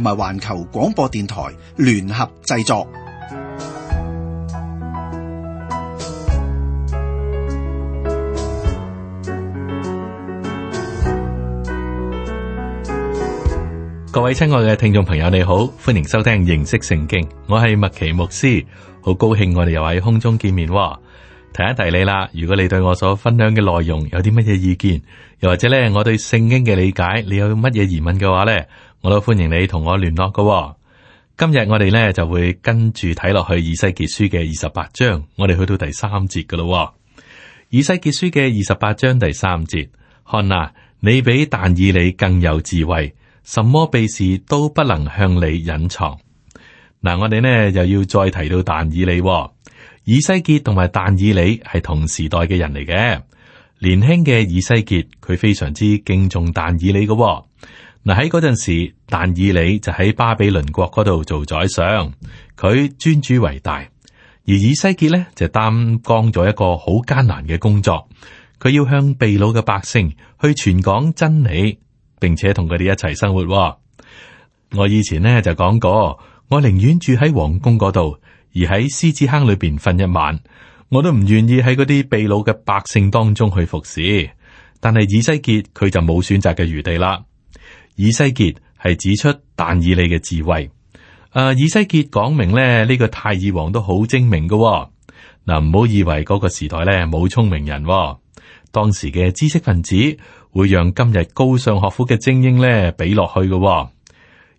同埋環球廣播電台聯合製作。各位親愛嘅聽眾朋友，你好，歡迎收聽認識聖經。我係麥奇牧師，好高興我哋又喺空中見面。提一提你啦，如果你對我所分享嘅內容有啲乜嘢意見，又或者咧我對聖經嘅理解，你有乜嘢疑問嘅話咧？我都歡迎你同我聯絡噶、哦。今日我哋咧就會跟住睇落去以、哦《以西結書》嘅二十八章，我哋去到第三節噶啦。《以西結書》嘅二十八章第三節，看啊，你比但以理更有智慧，什麼秘事都不能向你隱藏。嗱、嗯，我哋呢又要再提到但以理、哦。以西結同埋但以理係同時代嘅人嚟嘅，年輕嘅以西結佢非常之敬重但以理噶、哦。喺嗰陣時，但以理就喺巴比倫國嗰度做宰相，佢尊主為大；而以西結咧就擔綱咗一個好艱難嘅工作，佢要向秘魯嘅百姓去傳講真理，並且同佢哋一齊生活。我以前咧就講過，我寧願住喺皇宮嗰度，而喺獅子坑裏邊瞓一晚，我都唔願意喺嗰啲秘魯嘅百姓當中去服侍。但係以西結佢就冇選擇嘅餘地啦。以西結係指出但以利嘅智慧。誒、啊，以西結講明咧呢、這個泰爾王都好精明嘅嗱、哦，唔好以為嗰個時代咧冇聰明人、哦。當時嘅知識分子會讓今日高尚學府嘅精英咧比落去嘅、哦。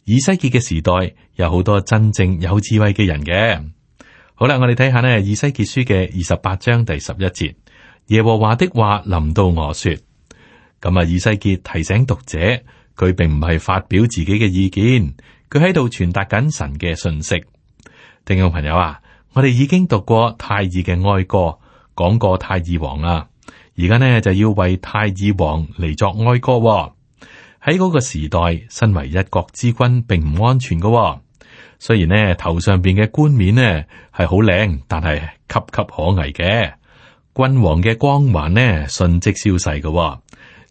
以西結嘅時代有好多真正有智慧嘅人嘅。好啦，我哋睇下呢以西結書嘅二十八章第十一節，耶和華的話臨到我說。咁啊，以西結提醒讀者。佢並唔係發表自己嘅意見，佢喺度傳達緊神嘅信息。聽眾朋友啊，我哋已經讀過泰爾嘅哀歌，講過泰爾王啦、啊。而家呢就要為泰爾王嚟作哀歌喎、哦。喺嗰個時代，身為一國之君並唔安全噶、哦。雖然呢頭上邊嘅冠冕呢係好靚，但係岌岌可危嘅君王嘅光環呢，瞬即消逝噶、哦，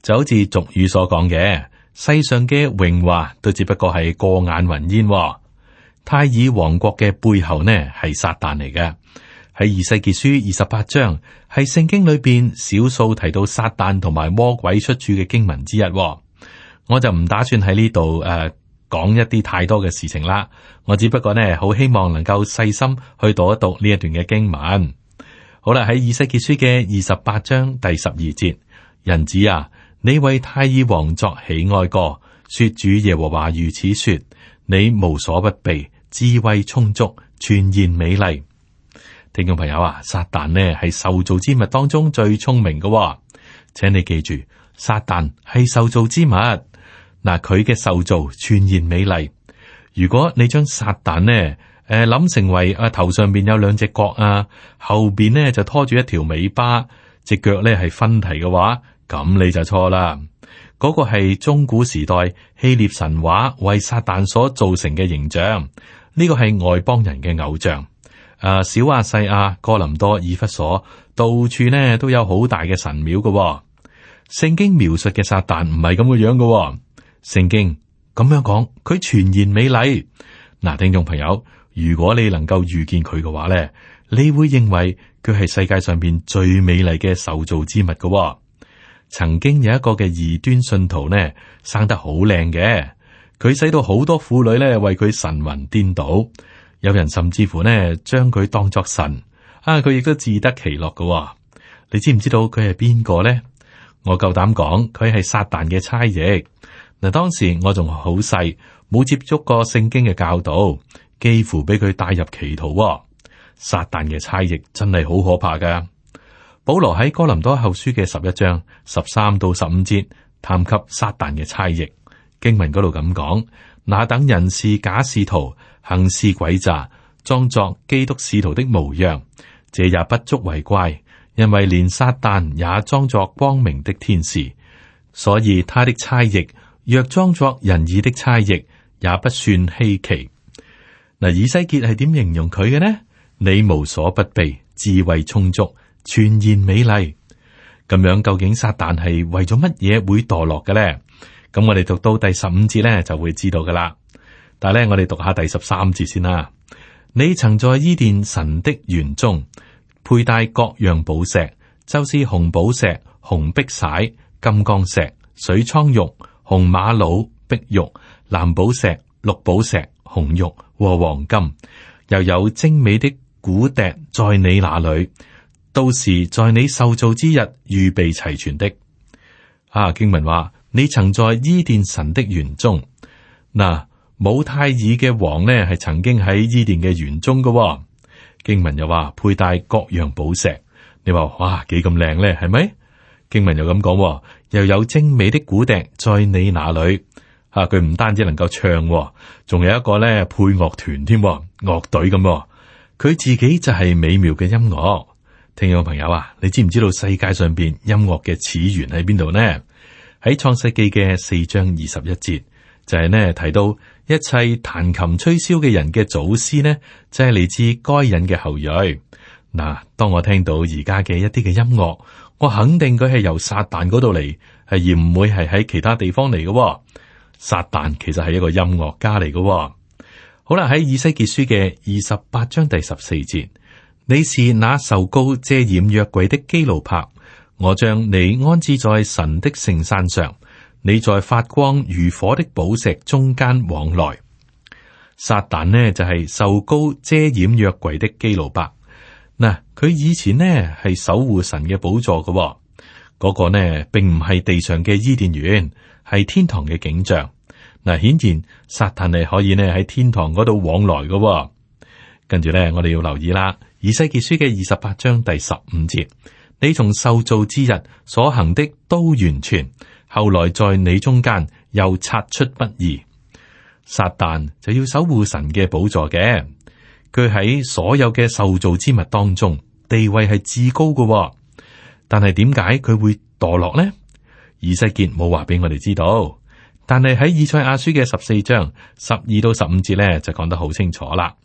就好似俗語所講嘅。世上嘅榮華都只不過係過眼雲煙、哦。泰爾王國嘅背後呢係撒旦嚟嘅。喺《以西結書》二十八章係聖經裏邊少數提到撒旦同埋魔鬼出處嘅經文之一、哦。我就唔打算喺呢度誒講一啲太多嘅事情啦。我只不過呢好希望能夠細心去讀一讀呢一段嘅經文。好啦，喺《以西結書》嘅二十八章第十二節，人子啊！你為泰爾王作喜愛歌說，主耶和華如此說：你無所不備，智慧充足，全然美麗。聽眾朋友啊，撒旦呢係受造之物當中最聰明嘅，請你記住，撒旦係受造之物。嗱，佢嘅受造全然美麗。如果你將撒旦呢，誒，諗成為啊頭上面有兩隻角啊，後邊呢就拖住一條尾巴，隻腳呢係分蹄嘅話。咁你就錯啦。嗰、那個係中古時代希臘神話為撒旦所造成嘅形象，呢個係外邦人嘅偶像。誒、啊，小亞細亞、哥林多、以弗所到處咧都有好大嘅神廟嘅、哦。聖經描述嘅撒旦唔係咁嘅樣嘅、哦。聖經咁樣講，佢全然美麗。嗱、啊，聽眾朋友，如果你能夠遇見佢嘅話咧，你會認為佢係世界上邊最美麗嘅受造之物嘅、哦。曾經有一個嘅異端信徒呢，生得好靚嘅，佢使到好多婦女呢為佢神魂顛倒，有人甚至乎呢將佢當作神啊，佢亦都自得其樂嘅喎。你知唔知道佢係邊個呢？我夠膽講，佢係撒旦嘅差役。嗱、啊，當時我仲好細，冇接觸過聖經嘅教導，幾乎俾佢帶入歧途喎。撒旦嘅差役真係好可怕噶。保羅喺哥林多後書嘅十一章十三到十五節探及撒旦嘅差役經文嗰度咁講，那等人是假使徒，行事詭詐，裝作基督使徒的模樣，這也不足為怪，因為連撒旦也裝作光明的天使，所以他的差役若裝作仁義的差役，也不算稀奇。嗱，以西結係點形容佢嘅呢？你無所不備，智慧充足。全然美麗咁樣，究竟撒旦係為咗乜嘢會墮落嘅咧？咁我哋讀到第十五節咧，就會知道噶啦。但係咧，我哋讀下第十三節先啦。你曾在伊甸神的園中佩戴各樣寶石，就是紅寶石、紅碧玺、金剛石、水蒼玉、紅瑪瑙、碧玉、藍寶石、綠寶石、紅玉和黃金，又有精美的鼓笛在你那裏。到時在你受造之日預備齊全的啊。經文話你曾在伊甸神的園中，嗱、啊，武太爾嘅王呢係曾經喺伊甸嘅園中噶。經文又話佩戴各樣寶石，你話哇幾咁靚呢？係咪？經文又咁講，又有精美的鼓笛在你那裏啊。佢唔單止能夠唱，仲有一個呢配樂團添樂隊咁，佢自己就係美妙嘅音樂。聽眾朋友啊，你知唔知道世界上邊音樂嘅始源喺邊度呢？喺創世紀嘅四章二十一節就係、是、呢提到一切彈琴吹簫嘅人嘅祖師呢，即係嚟自該隱嘅後裔。嗱、啊，當我聽到而家嘅一啲嘅音樂，我肯定佢係由撒旦嗰度嚟，係而唔會係喺其他地方嚟嘅，哦。撒旦其實係一個音樂家嚟嘅，哦。好啦，喺以西結書嘅二十八章第十四節。你是那受高遮掩約櫃的基路伯，我將你安置在神的聖山上。你在發光如火的寶石中間往來。撒旦呢就係受高遮掩約櫃的基路伯嗱，佢以前呢係守護神嘅寶座嘅嗰、那個呢，並唔係地上嘅伊甸園，係天堂嘅景象嗱。顯然撒旦係可以呢喺天堂嗰度往來嘅，跟住呢我哋要留意啦。以西結書嘅二十八章第十五節，你從受造之日所行的都完全，後來在你中間又察出不義。撒旦就要守護神嘅寶座嘅，佢喺所有嘅受造之物當中地位係至高嘅，但係點解佢會墮落呢？以西結冇話俾我哋知道，但係喺以賽亞書嘅十四章十二到十五節咧就講得好清楚啦。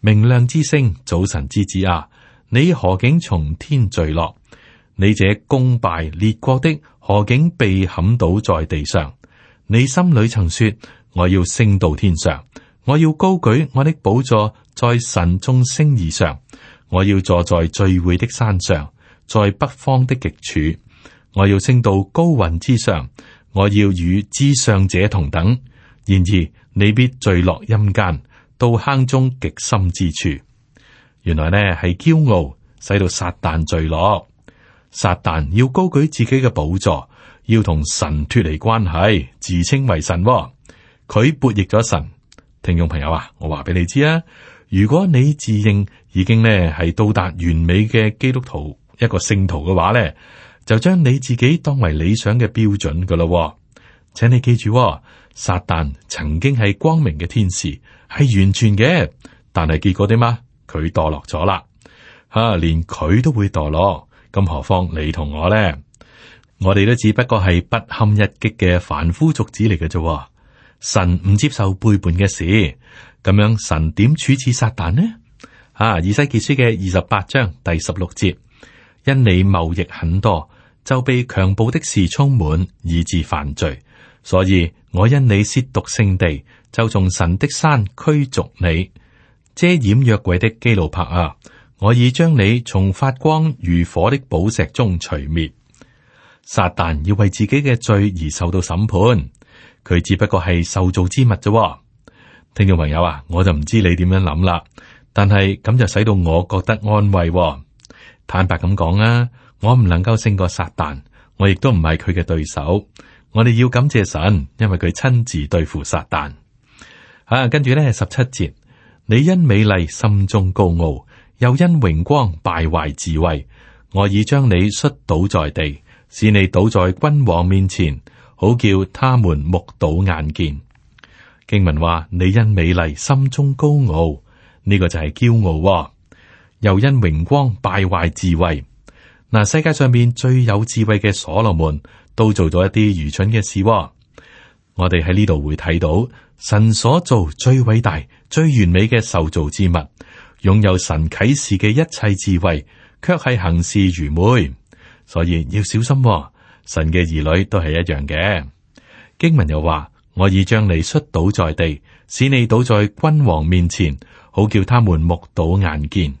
明亮之星，早晨之子啊！你何竟從天墜落？你這功敗列國的何竟被砍倒在地上？你心裏曾說：我要升到天上，我要高舉我的寶座在神中星以上，我要坐在聚會的山上，在北方的極處，我要升到高雲之上，我要與至上者同等。然而你必墜落陰間。到坑中極深之處，原來呢係驕傲使到撒旦墜落。撒旦要高舉自己嘅寶座，要同神脫離關係，自稱為神喎。佢叛逆咗神。聽眾朋友啊，我話俾你知啊，如果你自認已經呢係到達完美嘅基督徒，一個聖徒嘅話呢，就將你自己當為理想嘅標準噶啦喎。請你記住喎，撒旦曾經係光明嘅天使。係完全嘅，但係結果啲咩？佢墮落咗啦，吓、啊、連佢都會墮落，咁何況你同我咧？我哋都只不過係不堪一擊嘅凡夫俗子嚟嘅啫。神唔接受背叛嘅事，咁樣神點處置撒旦呢？啊，以西結書嘅二十八章第十六節，因你貿易很多，就被強暴的事充滿，以致犯罪，所以我因你褻瀆聖地。就從神的山驅逐你，遮掩約櫃的基路柏啊！我已將你從發光如火的寶石中除滅。撒旦要為自己嘅罪而受到審判，佢只不過係受造之物啫。聽眾朋友啊，我就唔知你點樣諗啦，但係咁就使到我覺得安慰。坦白咁講啊，我唔能夠勝過撒旦，我亦都唔係佢嘅對手。我哋要感謝神，因為佢親自對付撒旦。啊，跟住呢，十七節，你因美麗心中高傲，又因榮光敗壞智慧，我已將你摔倒在地，使你倒在君王面前，好叫他們目睹眼見。經文話，你因美麗心中高傲，呢個就係驕傲喎；又因榮光敗壞智慧。嗱，世界上面最有智慧嘅所羅門，都做咗一啲愚蠢嘅事喎。我哋喺呢度會睇到神所做最偉大、最完美嘅受造之物，擁有神啟示嘅一切智慧，卻係行事愚昧，所以要小心、哦。神嘅兒女都係一樣嘅。經文又話：我已將你摔倒在地，使你倒在君王面前，好叫他們目睹眼見。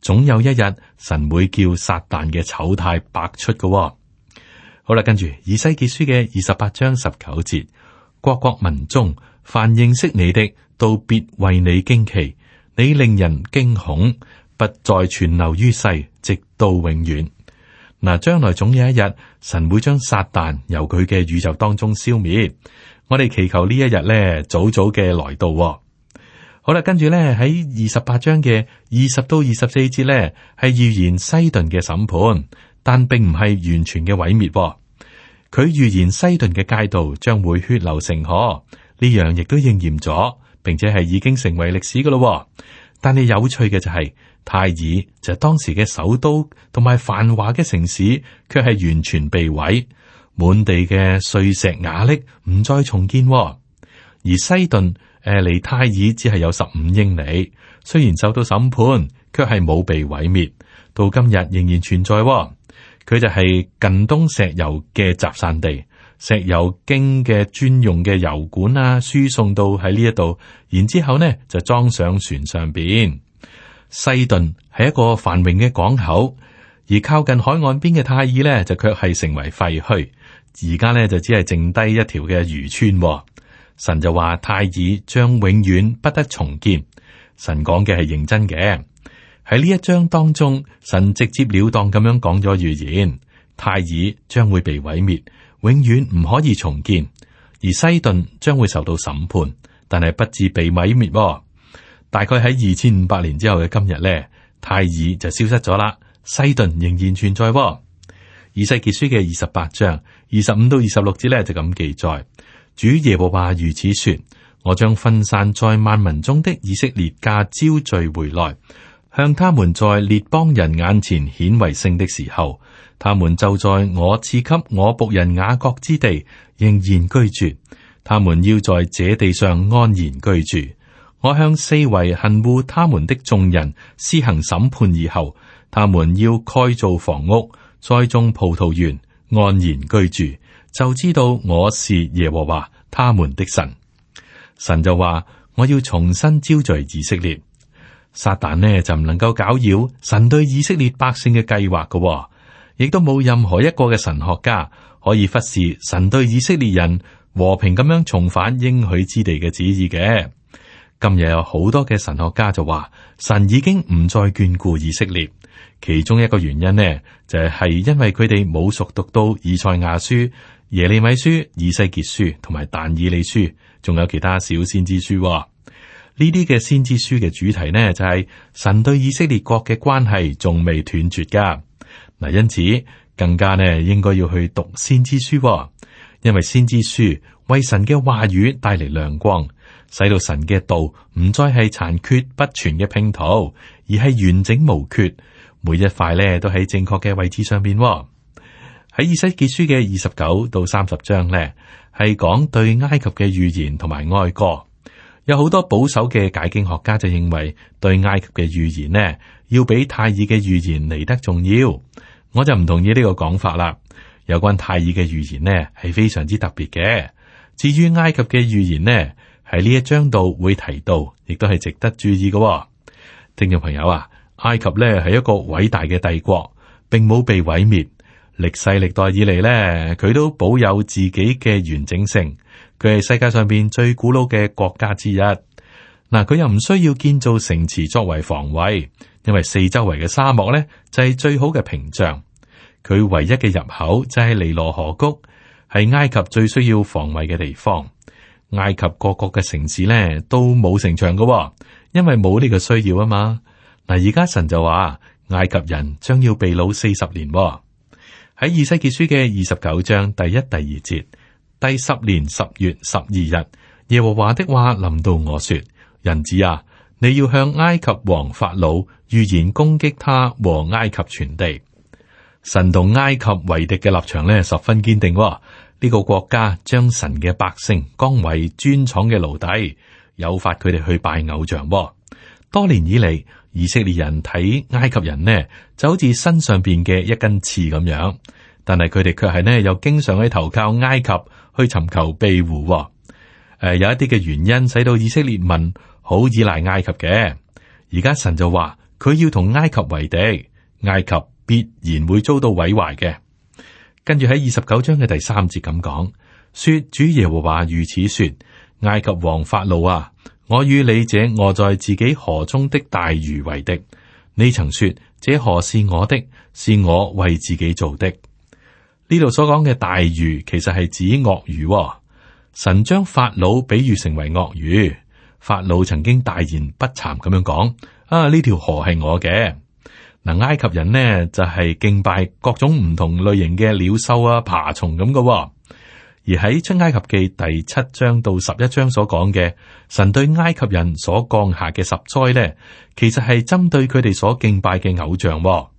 總有一日，神會叫撒旦嘅醜態百出嘅、哦。好啦，跟住以西結書嘅二十八章十九節。國國民眾，凡認識你的，都必為你驚奇。你令人驚恐，不再存留於世，直到永遠。嗱、啊，將來總有一日，神會將撒旦由佢嘅宇宙當中消滅。我哋祈求一呢一日咧，早早嘅來到、哦。好啦，跟住咧喺二十八章嘅二十到二十四節咧，係預言西頓嘅審判，但並唔係完全嘅毀滅。佢預言西頓嘅街道將會血流成河，呢樣亦都應驗咗，並且係已經成為歷史噶咯。但係有趣嘅就係、是，泰爾就係當時嘅首都同埋繁華嘅城市，卻係完全被毀，滿地嘅碎石瓦礫，唔再重建。而西頓誒，離、呃、泰爾只係有十五英里，雖然受到審判，卻係冇被毀滅，到今日仍然存在。佢就係近東石油嘅集散地，石油經嘅專用嘅油管啊，輸送到喺呢一度，然之後呢就裝上船上邊。西頓係一個繁榮嘅港口，而靠近海岸邊嘅泰爾呢就卻係成為廢墟，而家呢就只係剩低一條嘅漁村啊。神就話泰爾將永遠不得重建，神講嘅係認真嘅。喺呢一章當中，神直接了當咁樣講咗預言：泰爾將會被毀滅，永遠唔可以重建；而西頓將會受到審判，但係不至被毀滅。大概喺二千五百年之後嘅今日咧，泰爾就消失咗啦，西頓仍然存在。以西結書》嘅二十八章二十五到二十六節咧就咁記載：主耶和華如此說：我將分散在萬民中的以色列家招聚回來。向他們在列邦人眼前顯為聖的時候，他們就在我賜給我僕人雅各之地仍然居住。他們要在這地上安然居住。我向四圍恨惡他們的眾人施行審判以後，他們要蓋造房屋、栽種葡萄園、安然居住，就知道我是耶和華他們的神。神就話：我要重新招聚以色列。撒旦呢就唔能夠搞擾神對以色列百姓嘅計劃嘅、哦，亦都冇任何一個嘅神學家可以忽視神對以色列人和平咁樣重返應許之地嘅旨意嘅。今日有好多嘅神學家就話神已經唔再眷顧以色列，其中一個原因呢就係、是、因為佢哋冇熟讀到以賽亞書、耶利米書、以西結書同埋但以理書，仲有其他小先知書、哦。呢啲嘅先知書嘅主題呢，就係神對以色列國嘅關係仲未斷絕噶。嗱，因此更加呢，應該要去讀先知書，因為先知書為神嘅話語帶嚟亮光，使到神嘅道唔再係殘缺不全嘅拼圖，而係完整無缺，每一塊呢都喺正確嘅位置上邊。喺以西結書嘅二十九到三十章呢，係講對埃及嘅預言同埋哀歌。有好多保守嘅解經學家就認為，對埃及嘅預言呢，要比泰爾嘅預言嚟得重要。我就唔同意呢個講法啦。有關泰爾嘅預言呢，係非常之特別嘅。至於埃及嘅預言呢，喺呢一章度會提到，亦都係值得注意嘅哦。聽眾朋友啊，埃及呢係一個偉大嘅帝國，並冇被毀滅，歷世歷代以嚟呢，佢都保有自己嘅完整性。佢係世界上邊最古老嘅國家之一，嗱佢又唔需要建造城池作為防衛，因為四周圍嘅沙漠咧就係、是、最好嘅屏障。佢唯一嘅入口就係尼羅河谷，係埃及最需要防衛嘅地方。埃及各國嘅城市咧都冇城牆噶，因為冇呢個需要啊嘛。嗱，而家神就話埃及人將要被擄四十年。哦，喺以西結書嘅二十九章第一、第二節。第十年十月十二日，耶和華的話臨到我說：人子啊，你要向埃及王法老預言攻擊他和埃及全地。神同埃及為敵嘅立場呢十分堅定、喎。呢個國家將神嘅百姓降為專廠嘅奴隸，誘發佢哋去拜偶像、喎。多年以嚟，以色列人睇埃及人呢，就好似身上邊嘅一根刺咁樣，但係佢哋卻係呢，又經常去投靠埃及。去尋求庇護、哦，誒、呃，有一啲嘅原因使到以色列民好依賴埃及嘅。而家神就話佢要同埃及為敵，埃及必然會遭到毀壞嘅。跟住喺二十九章嘅第三節咁講，說主耶和華如此說：埃及王法老啊，我與你這臥在自己河中的大魚為敵。你曾說這河是我的，是我為自己做的。呢度所講嘅大魚其實係指鱷魚、喎，神將法老比喻成為鱷魚。法老曾經大言不慚咁樣講：啊，呢條河係我嘅。嗱、呃，埃及人呢就係、是、敬拜各種唔同類型嘅鳥獸啊、爬蟲咁噶、喎。而喺出埃及記第七章到十一章所講嘅，神對埃及人所降下嘅十災呢，其實係針對佢哋所敬拜嘅偶像、喎。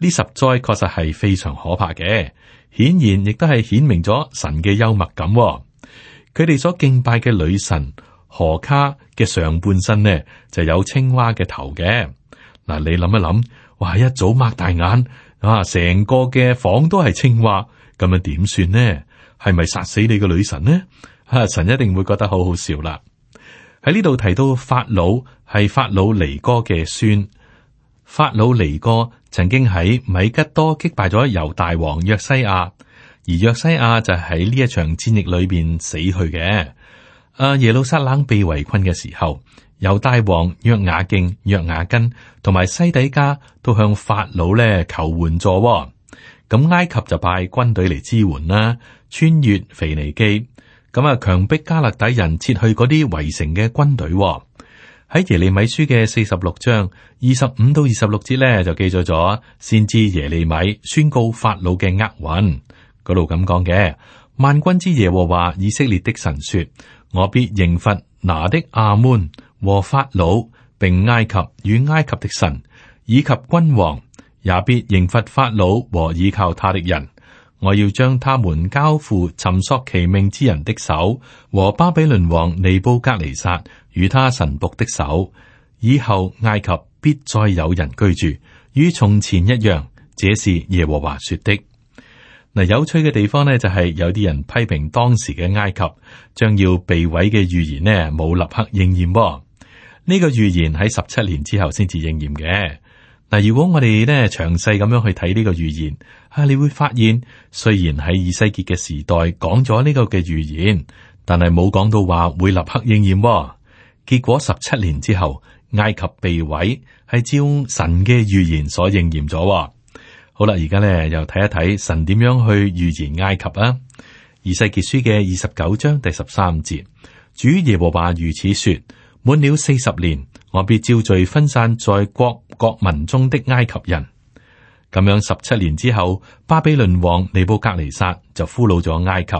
呢十災確實係非常可怕嘅，顯然亦都係顯明咗神嘅幽默感、哦。佢哋所敬拜嘅女神荷卡嘅上半身呢，就有青蛙嘅頭嘅嗱、啊。你諗一諗，哇！一早擘大眼啊，成個嘅房都係青蛙，咁樣點算呢？係咪殺死你個女神呢？吓、啊、神一定會覺得好好笑啦。喺呢度提到法老係法老尼哥嘅孫，法老尼哥，曾經喺米吉多擊敗咗猶大王約西亞，而約西亞就喺呢一場戰役裏邊死去嘅。阿、啊、耶路撒冷被圍困嘅時候，猶大王約雅敬、約雅斤同埋西底家都向法老咧求援助、哦，咁、嗯、埃及就派軍隊嚟支援啦，穿越腓尼基，咁、嗯、啊強迫加勒底人撤去嗰啲圍城嘅軍隊、哦。喺耶利米書嘅四十六章二十五到二十六節咧，就記載咗先知耶利米宣告法老嘅厄運，嗰度咁講嘅：萬軍之耶和華以色列的神說，我必刑罰拿的阿們和法老，並埃及與埃及的神，以及君王，也必刑罰法老和依靠他的人。我要將他們交付尋索其命之人的手，和巴比倫王尼布甲尼撒與他臣僕的手。以後埃及必再有人居住，與從前一樣。這是耶和華說的。嗱，有趣嘅地方呢，就係有啲人批評當時嘅埃及，將要被毀嘅預言呢冇，立刻應驗喎。呢、這個預言喺十七年之後先至應驗嘅。嗱，如果我哋咧詳細咁樣去睇呢個預言啊，你會發現雖然喺以西結嘅時代講咗呢個嘅預言，但係冇講到話會立刻應驗。結果十七年之後，埃及被毀，係照神嘅預言所應驗咗。好啦，而家咧又睇一睇神點樣去預言埃及啦。《以西結書》嘅二十九章第十三節，主耶和華如此說：滿了四十年，我必招聚分散在國國民中的埃及人咁樣，十七年之後，巴比倫王尼布甲尼撒就俘虜咗埃及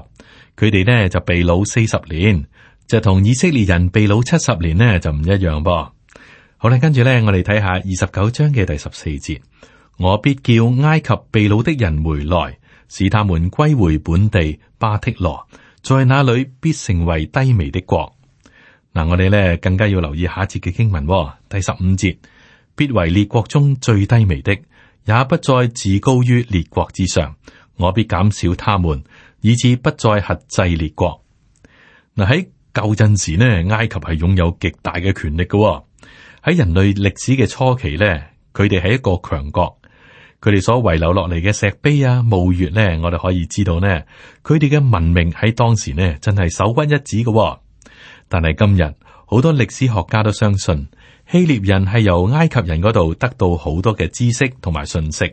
佢哋呢就被擄四十年，就同以色列人被擄七十年呢就唔一樣。噉好啦，跟住呢，我哋睇下二十九章嘅第十四節，我必叫埃及被擄的人回來，使他們歸回本地巴剔羅，在那裡必成為低微的國。嗱，我哋呢更加要留意下一節嘅經文，第十五節。必為列國中最低微的，也不再自高於列國之上。我必減少他們，以致不再轄制列國。嗱、啊、喺舊陣時呢，埃及係擁有極大嘅權力嘅、哦。喺人類歷史嘅初期呢，佢哋係一個強國。佢哋所遺留落嚟嘅石碑啊、墓穴呢，我哋可以知道呢，佢哋嘅文明喺當時呢，真係首屈一指嘅、哦。但係今日好多歷史學家都相信。希臘人係由埃及人嗰度得到好多嘅知識同埋信息。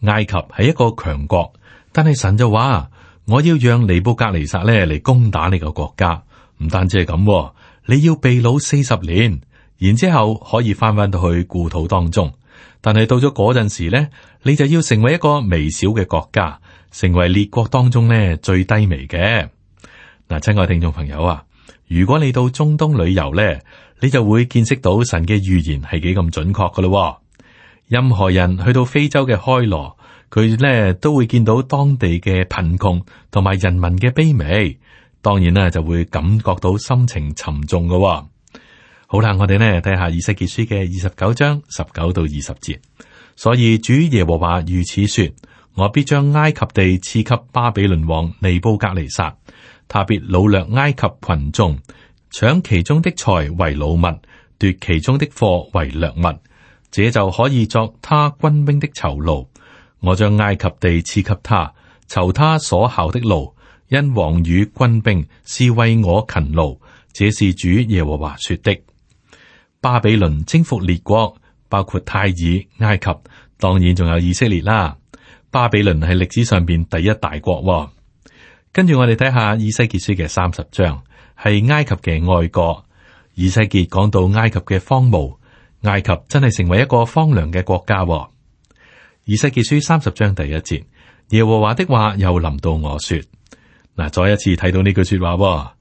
埃及係一個強國，但係神就話：我要讓尼布格尼撒咧嚟，攻打呢個國家。唔單止係咁，你要被擄四十年，然之後可以翻翻到去故土當中。但係到咗嗰陣時咧，你就要成為一個微小嘅國家，成為列國當中咧最低微嘅。嗱，親愛嘅聽眾朋友啊，如果你到中東旅遊咧。你就會見識到神嘅預言係幾咁準確噶咯。任何人去到非洲嘅開羅，佢咧都會見到當地嘅貧窮同埋人民嘅卑微，當然咧就會感覺到心情沉重噶。好啦，我哋呢睇下以西結書嘅二十九章十九到二十節。所以主耶和華如此說，我必將埃及地賜給巴比倫王尼布格尼撒，他必擄掠埃及群眾。搶其中的財為擄物，奪其中的貨為掠物，這就可以作他軍兵的酬勞。我將埃及地賜給他，酬他所效的勞，因王與軍兵是為我勤勞。這是主耶和華說的。巴比倫征，征服列國，包括泰爾、埃及，當然仲有以色列啦。巴比倫係歷史上邊第一大國、哦。跟住我哋睇下以西結書嘅三十章。係埃及嘅外國，以西結講到埃及嘅荒蕪，埃及真係成為一個荒涼嘅國家，哦。以西結書三十章第一節，耶和華的話又臨到我說：嗱，再一次睇到句，哦，句呢句說話，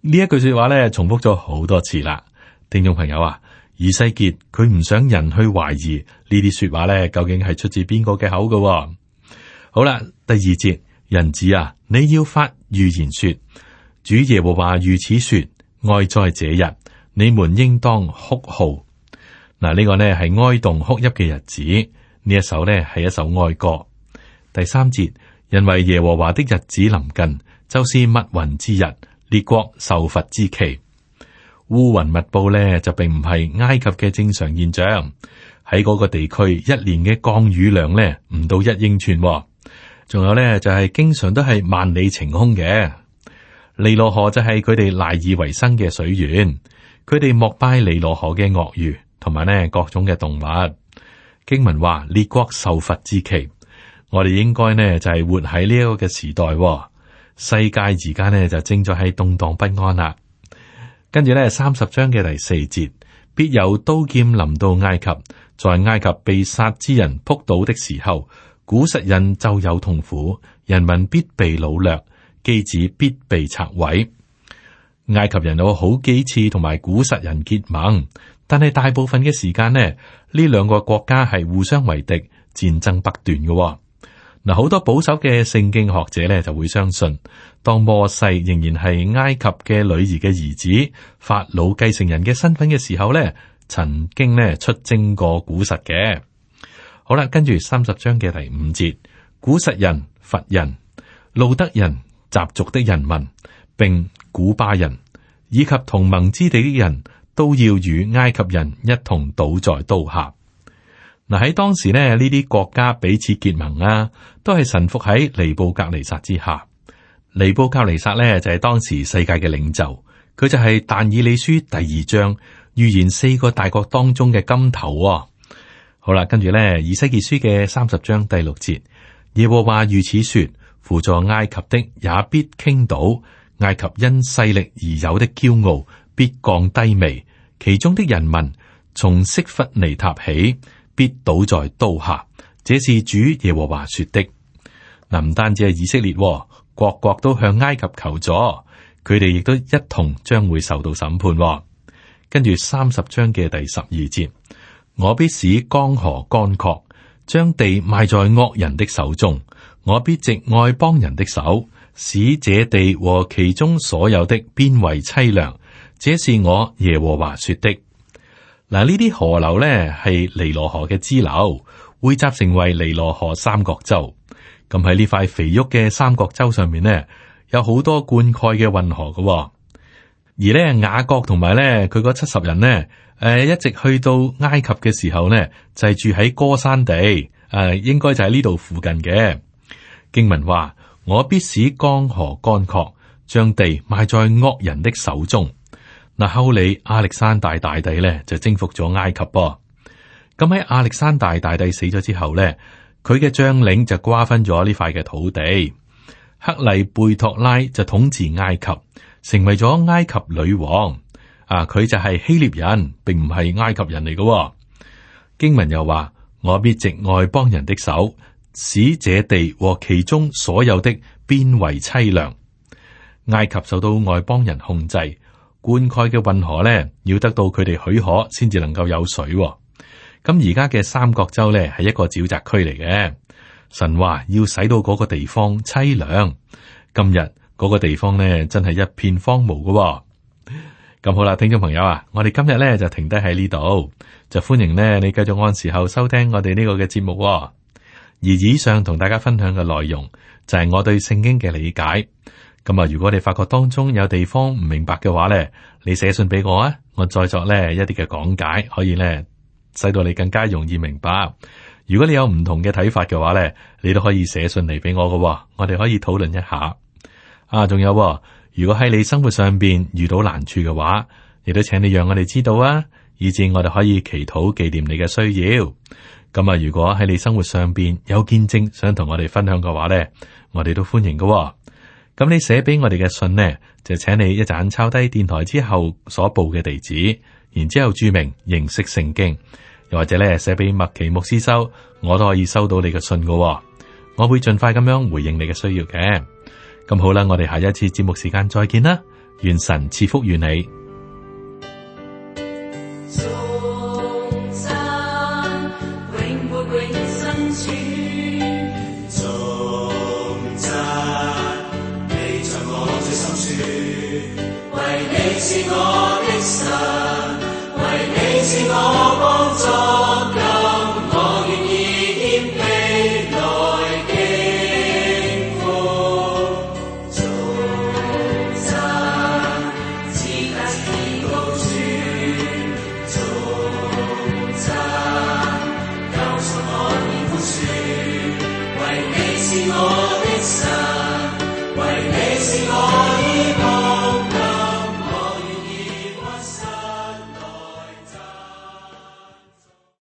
呢一句說話咧重複咗好多次啦。聽眾朋友啊，以西結佢唔想人去懷疑呢啲說話咧究竟係出自邊個嘅口噶，哦。好啦，第二節，人子啊，你要發預言說。主耶和華如此說：哀在這日，你們應當哭號。嗱，呢個呢係哀動哭泣嘅日子。呢一首呢係一首哀歌。第三節，因為耶和華的日子臨近，就是密雲之日，列國受罰之期。烏雲密布呢，就並唔係埃及嘅正常現象。喺嗰個地區，一年嘅降雨量呢唔到一英寸，仲有呢，就係經常都係萬里晴空嘅。尼羅河就係佢哋賴以為生嘅水源，佢哋膜拜尼羅河嘅鱷魚同埋咧各種嘅動物。經文話列國受罰之期，我哋應該呢就係活喺呢一個嘅時代。世界而家呢就正在係動盪不安啦。跟住咧三十章嘅第四節，必有刀劍臨到埃及，在埃及被殺之人扑倒的時候，古實人就有痛苦，人民必被擄掠。機子必被拆毀。埃及人有好幾次同埋古實人結盟，但係大部分嘅時間呢，呢兩個國家係互相為敵，戰爭不斷嘅。嗱。好多保守嘅聖經學者呢，就會相信，當摩西仍然係埃及嘅女兒嘅兒子法老繼承人嘅身份嘅時候呢，曾經呢出征過古實嘅。好啦，跟住三十章嘅第五節，古實人、弗人、路德人。雜族的人民，並古巴人以及同盟之地的人都要與埃及人一同倒在刀下。嗱、啊，喺當時呢，呢啲國家彼此結盟啊，都係臣服喺尼布格尼撒之下。尼布格尼撒呢，就係、是、當時世界嘅領袖，佢就係但以理書第二章預言四個大國當中嘅金頭、哦。好啦，跟住呢，以西結書嘅三十章第六節，耶和華如此說。輔助埃及的也必傾倒，埃及因勢力而有的驕傲必降低微，其中的人民從色弗尼塔起必倒在刀下。這是主耶和華說的。唔單止係以色列，各國都向埃及求助，佢哋亦都一同將會受到審判。跟住三十章嘅第十二節，我必使江河乾涸，將地賣在惡人的手中。我必藉外邦人的手，使這地和其中所有的變為凄涼。這是我耶和華說的。嗱，呢啲河流咧，係尼羅河嘅支流，匯集成為尼羅河三角洲。咁喺呢塊肥沃嘅三角洲上面咧，有好多灌溉嘅運河㗎。而咧雅各同埋咧佢嗰七十人咧，誒、呃、一直去到埃及嘅時候咧，就係、是、住喺歌珊地誒、呃，應該就喺呢度附近嘅。經文話：我必使江河乾涸，將地賣在惡人的手中。嗱，後嚟亞歷山大大帝咧就征服咗埃及噃。咁喺亞歷山大大帝死咗之後咧，佢嘅將領就瓜分咗呢塊嘅土地。克利貝托拉就統治埃及，成為咗埃及女王。啊，佢就係希臘人，並唔係埃及人嚟嘅。經文又話：我必藉外邦人的手。使這地和其中所有的變為凄涼。埃及受到外邦人控制，灌溉嘅運河呢要得到佢哋許可先至能夠有水，哦。咁而家嘅三角洲呢係一個沼澤區嚟嘅。神話要使到嗰個地方凄涼。今日嗰個地方呢真係一片荒蕪噶，哦。咁好啦，聽眾朋友啊，我哋今日呢就停低喺呢度，就歡迎呢你繼續按時候收聽我哋呢個嘅節目，哦。而以上同大家分享嘅內容，就係我對聖經嘅理解。咁啊，如果你發覺當中有地方唔明白嘅話呢，你寫信俾我啊，我再作呢一啲嘅講解，可以呢，使到你更加容易明白。如果你有唔同嘅睇法嘅話呢，你都可以寫信嚟俾我噶，我哋可以討論一下。啊，仲有，如果喺你生活上邊遇到難處嘅話，亦都請你讓我哋知道啊，以至我哋可以祈禱紀念你嘅需要。咁啊，如果喺你生活上邊有見證想同我哋分享嘅話咧，我哋都歡迎嘅喎。咁你寫俾我哋嘅信咧，就請你一盞抄低電台之後所報嘅地址，然之後注明認識聖經，又或者咧寫俾麥奇牧師收，我都可以收到你嘅信嘅喎。我會盡快咁樣回應你嘅需要嘅。咁好啦，我哋下一次節目時間再見啦，願神賜福於你。